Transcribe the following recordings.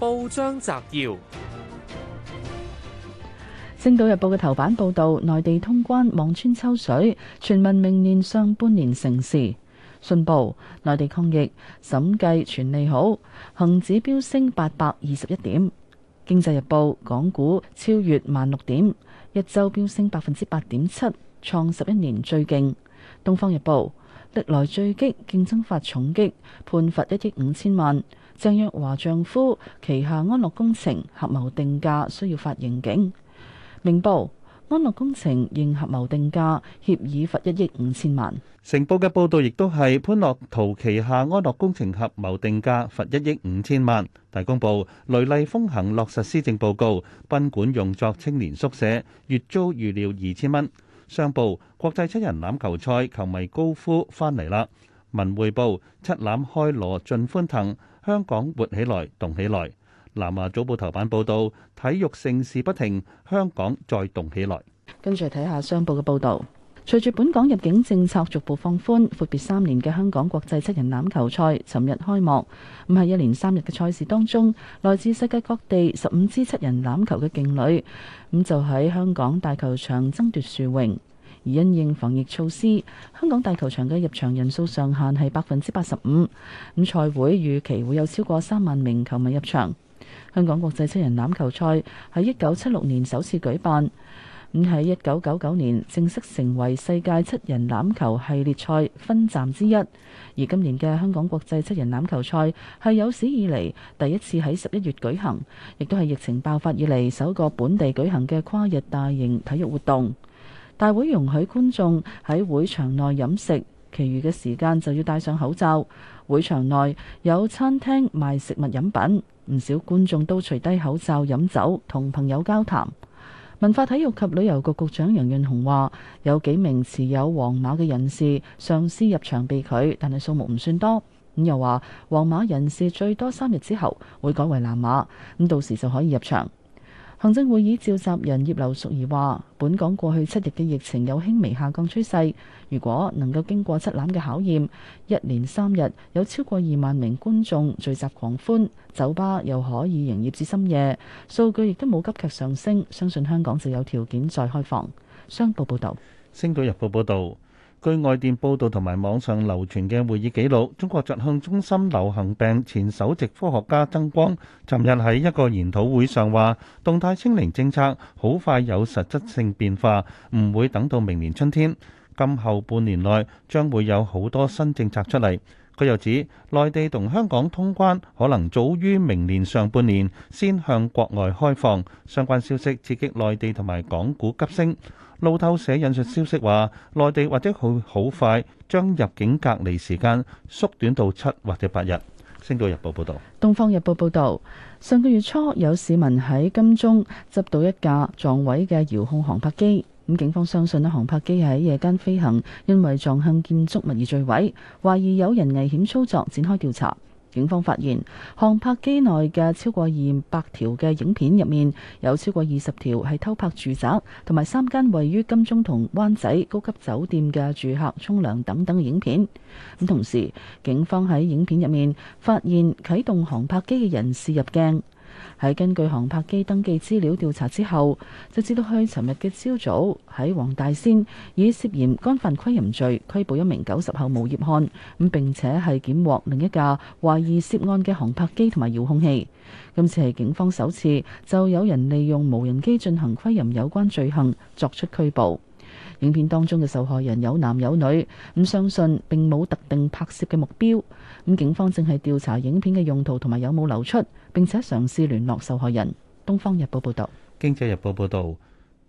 報章摘要：《星島日報》嘅頭版報道，內地通關望穿秋水，傳聞明年上半年成事。《信報》內地抗疫審計全利好，恒指飆升八百二十一點。《經濟日報》港股超越萬六點，一周飆升百分之八點七，創十一年最勁。《東方日報》歷來最激競爭法重擊，判罰一億五千萬。鄭若驊丈夫旗下安樂工程合謀定價需要發刑警明報，安樂工程認合謀定價協議，罰一億五千萬。成報嘅報道亦都係潘樂陶旗下安樂工程合謀定價罰一億五千萬。大公報雷厲風行落實施政報告，賓館用作青年宿舍，月租預料二千蚊。商報國際七人欖球賽球迷高呼翻嚟啦。文匯報七欖開鑼盡歡騰。香港活起來，動起來。南華早報頭版報導，體育盛事不停，香港再動起來。跟住睇下商報嘅報導。隨住本港入境政策逐步放寬，闊別三年嘅香港國際七人欖球賽，尋日開幕。咁喺一連三日嘅賽事當中，來自世界各地十五支七人欖球嘅勁旅，咁就喺香港大球場爭奪殊榮。而因應防疫措施，香港大球場嘅入場人數上限係百分之八十五。咁賽會預期會有超過三萬名球迷入場。香港國際七人欖球賽喺一九七六年首次舉辦，咁喺一九九九年正式成為世界七人欖球系列賽分站之一。而今年嘅香港國際七人欖球賽係有史以嚟第一次喺十一月舉行，亦都係疫情爆發以嚟首個本地舉行嘅跨日大型體育活動。大會容許觀眾喺會場內飲食，其餘嘅時間就要戴上口罩。會場內有餐廳賣食物飲品，唔少觀眾都除低口罩飲酒，同朋友交談。文化體育及旅遊局局長楊潤雄話：有幾名持有黃碼嘅人士嘗試入場被拒，但係數目唔算多。咁又話黃碼人士最多三日之後會改為藍碼，咁到時就可以入場。行政會議召集人葉劉淑儀話：本港過去七日嘅疫情有輕微下降趨勢，如果能夠經過七欖嘅考驗，一連三日有超過二萬名觀眾聚集狂歡，酒吧又可以營業至深夜，數據亦都冇急劇上升，相信香港就有條件再開放。商報報導，《星島日報》報道。據外電報道同埋網上流傳嘅會議記錄，中國疾控中心流行病前首席科學家曾光，尋日喺一個研討會上話：動態清零政策好快有實質性變化，唔會等到明年春天。今後半年內將會有好多新政策出嚟。佢又指，內地同香港通關可能早於明年上半年先向國外開放。相關消息刺激內地同埋港股急升。路透社引述消息話，內地或者會好快將入境隔離時間縮短到七或者八日。星島日報報道。東方日報報道，上個月初有市民喺金鐘執到一架撞毀嘅遙控航拍機。咁警方相信呢，航拍機喺夜間飛行，因為撞向建築物而墜毀，懷疑有人危險操作，展開調查。警方發現航拍機內嘅超過二百條嘅影片入面，有超過二十條係偷拍住宅，同埋三間位於金鐘同灣仔高級酒店嘅住客沖涼等等嘅影片。咁同時，警方喺影片入面發現啟動航拍機嘅人士入鏡。係根據航拍機登記資料調查之後，就知道去尋日嘅朝早喺黃大仙，以涉嫌干犯窺淫罪拘捕一名九十後無業漢，咁並且係檢獲另一架懷疑涉案嘅航拍機同埋遙控器。今次係警方首次就有人利用無人機進行窺淫有關罪行作出拘捕。影片當中嘅受害人有男有女，咁相信並冇特定拍攝嘅目標，咁警方正係調查影片嘅用途同埋有冇流出。並且嘗試聯絡受害人。《東方日報》報導，《經濟日報》報導，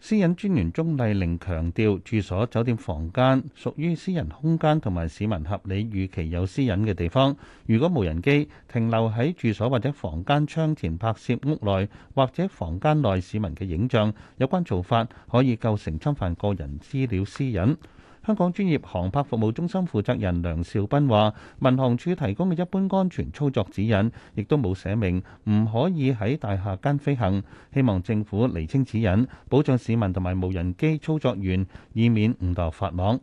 私隱專員鍾麗玲強調，住所、酒店房間屬於私人空間同埋市民合理預期有私隱嘅地方。如果無人機停留喺住所或者房間窗前拍攝屋內或者房間內市民嘅影像，有關做法可以構成侵犯個人資料私隱。香港專業航拍服務中心負責人梁少斌話：民航處提供嘅一般安全操作指引，亦都冇寫明唔可以喺大廈間飛行。希望政府釐清指引，保障市民同埋無人機操作員，以免誤墮法網。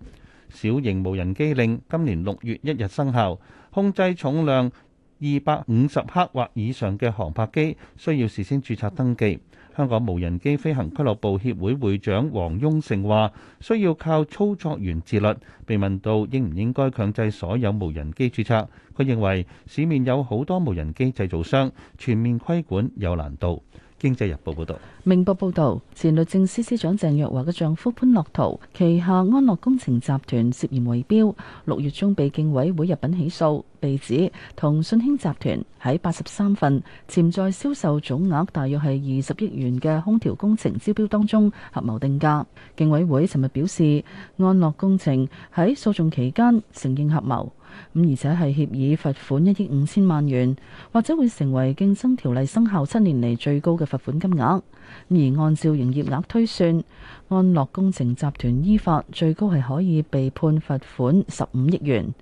小型無人機令今年六月一日生效，控制重量二百五十克或以上嘅航拍機，需要事先註冊登記。香港無人機飛行俱樂部協會會長黃雍盛話：需要靠操作員自律。被問到應唔應該強制所有無人機註冊，佢認為市面有好多無人機製造商，全面規管有難度。《經濟日報》報導，《明報》報道，前律政司司長鄭若華鄭若驊嘅丈夫潘樂陶旗下安樂工程集團涉嫌圍標，六月中被競委會入禀起訴，被指同信興集團喺八十三份潛在銷售總額大約係二十億元嘅空調工程招標當中合謀定價。競委會尋日表示，安樂工程喺訴訟期間承認合謀。咁而且係協議罰款一億五千萬元，或者會成為競爭條例生效七年嚟，最高嘅罰款金額。而按照營業額推算，安樂工程集團依法最高係可以被判罰款十五億元。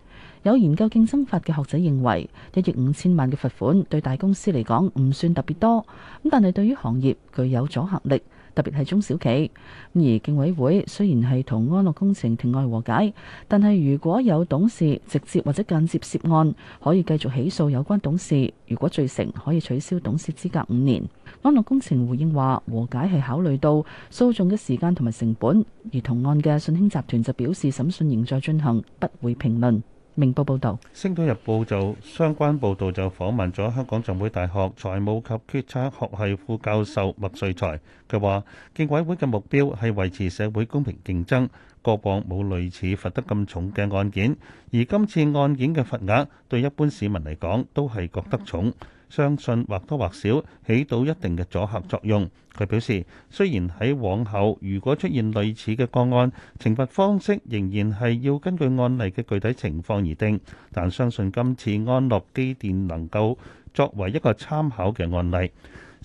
有研究競爭法嘅學者認為，一億五千萬嘅罰款對大公司嚟講唔算特別多，咁但係對於行業具有阻嚇力。特別係中小企，而競委會雖然係同安樂工程庭外和解，但係如果有董事直接或者間接涉案，可以繼續起訴有關董事。如果罪成，可以取消董事資格五年。安樂工程回應話，和解係考慮到訴訟嘅時間同埋成本，而同案嘅信興集團就表示審訊仍在進行，不會評論。明報報導，《星島日報》就相關報導就訪問咗香港浸會大學財務及決策學系副教授麥瑞才，佢話：競委會嘅目標係維持社會公平競爭，過往冇類似罰得咁重嘅案件，而今次案件嘅罰額對一般市民嚟講都係覺得重。相信或多或少起到一定嘅阻吓作用。佢表示，雖然喺往後如果出現類似嘅個案，懲罰方式仍然係要根據案例嘅具體情況而定，但相信今次安樂機電能夠作為一個參考嘅案例。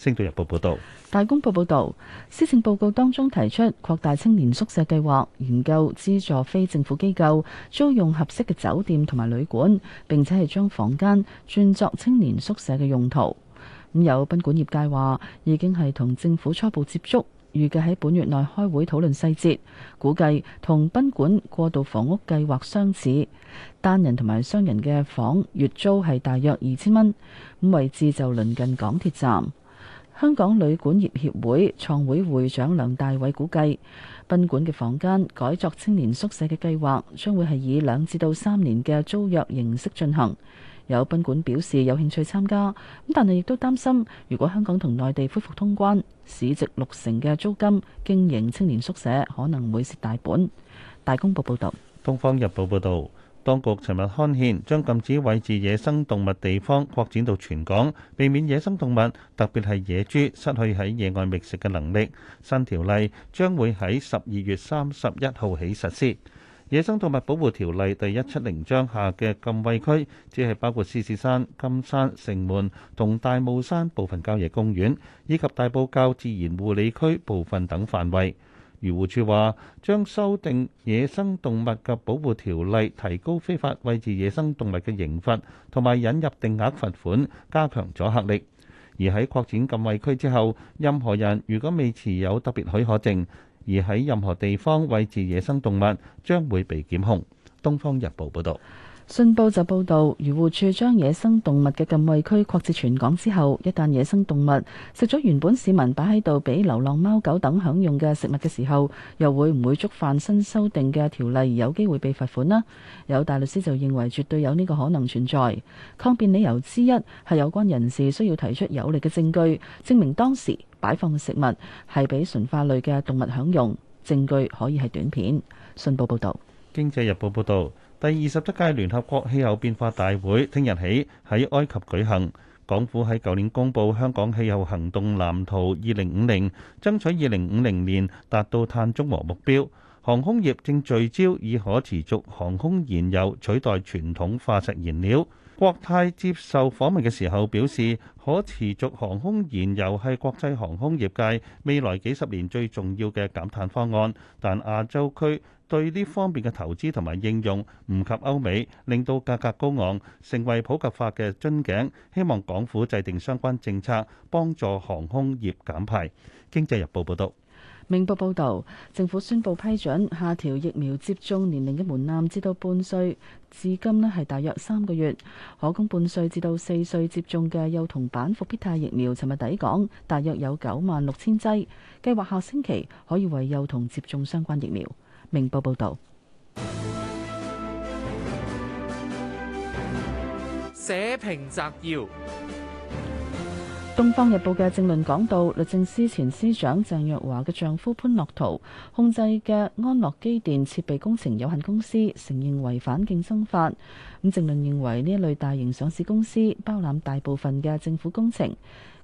《星島日報》報道，《大公報》報道，施政報告當中提出擴大青年宿舍計劃，研究資助非政府機構租用合適嘅酒店同埋旅館，並且係將房間轉作青年宿舍嘅用途。咁有賓館業界話，已經係同政府初步接觸，預計喺本月內開會討論細節，估計同賓館過渡房屋計劃相似。單人同埋雙人嘅房月租係大約二千蚊，咁位置就鄰近港鐵站。香港旅館業協會創會會長梁大偉估計，賓館嘅房間改作青年宿舍嘅計劃，將會係以兩至到三年嘅租約形式進行。有賓館表示有興趣參加，咁但係亦都擔心，如果香港同內地恢復通關，市值六成嘅租金經營青年宿舍可能會蝕大本。大公報報道。《東方日報》報道。當局尋日刊憲，將禁止餵食野生動物地方擴展到全港，避免野生動物特別係野豬失去喺野外覓食嘅能力。新條例將會喺十二月三十一號起實施。野生動物保護條例第一七零章下嘅禁餵區，只係包括獅子山、金山、城門同大帽山部分郊野公園，以及大埔滘自然護理區部分等範圍。漁護署話將修訂野生動物及保護條例，提高非法餵飼野生動物嘅刑罰，同埋引入定額罰款，加強阻嚇力。而喺擴展禁喂區之後，任何人如果未持有特別許可證，而喺任何地方餵飼野生動物，將會被檢控。《東方日報》報道。信報就報道，漁護處將野生動物嘅禁衛區擴至全港之後，一旦野生動物食咗原本市民擺喺度俾流浪貓狗等享用嘅食物嘅時候，又會唔會觸犯新修訂嘅條例，有機會被罰款呢？有大律師就認為絕對有呢個可能存在。抗辯理由之一係有關人士需要提出有力嘅證據，證明當時擺放嘅食物係俾馴化類嘅動物享用。證據可以係短片。信報報道，經濟日報報道。第二十七屆聯合國氣候變化大會聽日起喺埃及舉行。港府喺舊年公布香港氣候行動藍圖二零五零，爭取二零五零年達到碳中和目標。航空業正聚焦以可持續航空燃油取代傳統化石燃料。國泰接受訪問嘅時候表示，可持續航空燃油係國際航空業界未來幾十年最重要嘅減碳方案。但亞洲區對呢方面嘅投資同埋應用唔及歐美，令到價格高昂，成為普及化嘅樽頸，希望港府制定相關政策，幫助航空業減排。經濟日報報道。明報報道，政府宣布批准下調疫苗接種年齡的門檻至到半歲，至今咧係大約三個月。可供半歲至到四歲接種嘅幼童版復必泰疫苗，尋日抵港，大約有九萬六千劑，計劃下星期可以為幼童接種相關疫苗。明報報道。社評摘要。《東方日報》嘅政論講到，律政司前司長鄭若驊嘅丈夫潘樂圖控制嘅安樂機電設備工程有限公司承認違反競爭法。咁政論認為呢一類大型上市公司包攬大部分嘅政府工程，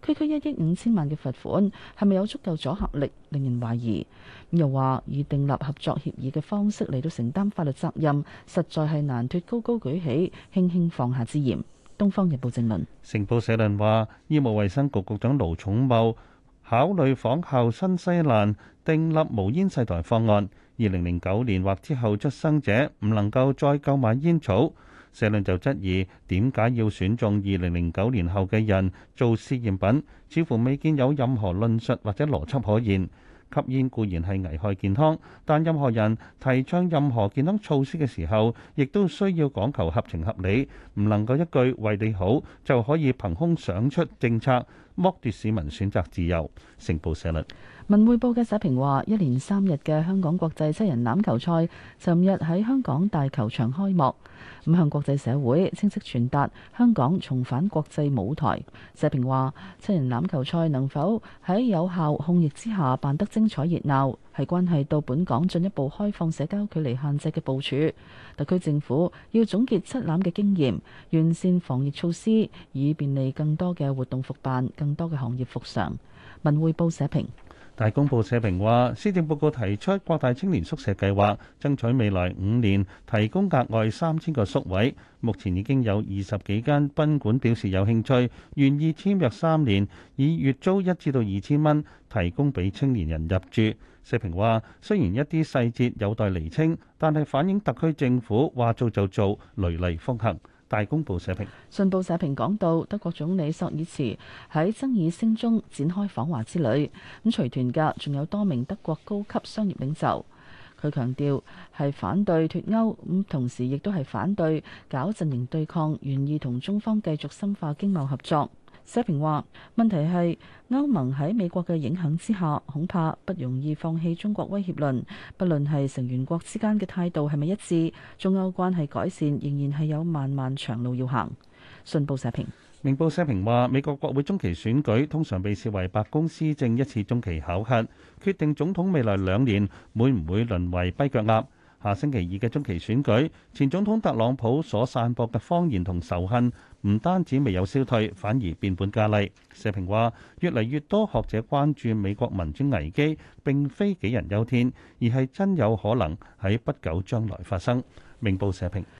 區區一億五千萬嘅罰款係咪有足夠阻嚇力，令人懷疑。又話以訂立合作協議嘅方式嚟到承擔法律責任，實在係難脱高高舉起、輕輕放下之嫌。《東方日報》正論。成報社論話，醫務衛生局局長盧寵茂考慮仿效新西蘭訂立無煙世代方案，二零零九年或之後出生者唔能夠再購買煙草。社論就質疑點解要選中二零零九年後嘅人做試驗品，似乎未見有任何論述或者邏輯可言。吸煙固然係危害健康，但任何人提倡任何健康措施嘅時候，亦都需要講求合情合理，唔能夠一句「為你好」就可以憑空想出政策。剝奪市民選擇自由，成報社論。文匯報嘅社評話：一連三日嘅香港國際七人欖球賽，尋日喺香港大球場開幕，咁向國際社會清晰傳達香港重返國際舞台。社評話：七人欖球賽能否喺有效控疫之下辦得精彩熱鬧？係關係到本港進一步開放社交距離限制嘅部署，特區政府要總結七欖嘅經驗，完善防疫措施，以便利更多嘅活動復辦、更多嘅行業復常。文匯報社評。大公報社評話，施政報告提出擴大青年宿舍計劃，爭取未來五年提供額外三千個宿位。目前已經有二十幾間賓館表示有興趣，願意簽約三年，以月租一至到二千蚊提供俾青年人入住。社評話，雖然一啲細節有待釐清，但係反映特區政府話做就做，雷厲風行。大公報社評。信報社評講到，德國總理朔爾茨喺爭議聲中展開訪華之旅。咁隨團嘅仲有多名德國高級商業領袖。佢強調係反對脱歐，咁同時亦都係反對搞陣營對抗，願意同中方繼續深化經貿合作。社評話：問題係歐盟喺美國嘅影響之下，恐怕不容易放棄中國威脅論。不論係成員國之間嘅態度係咪一致，中歐關係改善仍然係有漫漫長路要行。信報社評，明報社評話：美國國會中期選舉通常被視為白宮施政一次中期考核，決定總統未來兩年會唔會淪為跛腳鴨。下星期二嘅中期選舉，前總統特朗普所散播嘅謊言同仇恨，唔單止未有消退，反而變本加厲。社評話：越嚟越多學者關注美國民主危機，並非杞人憂天，而係真有可能喺不久將來發生。明報社評。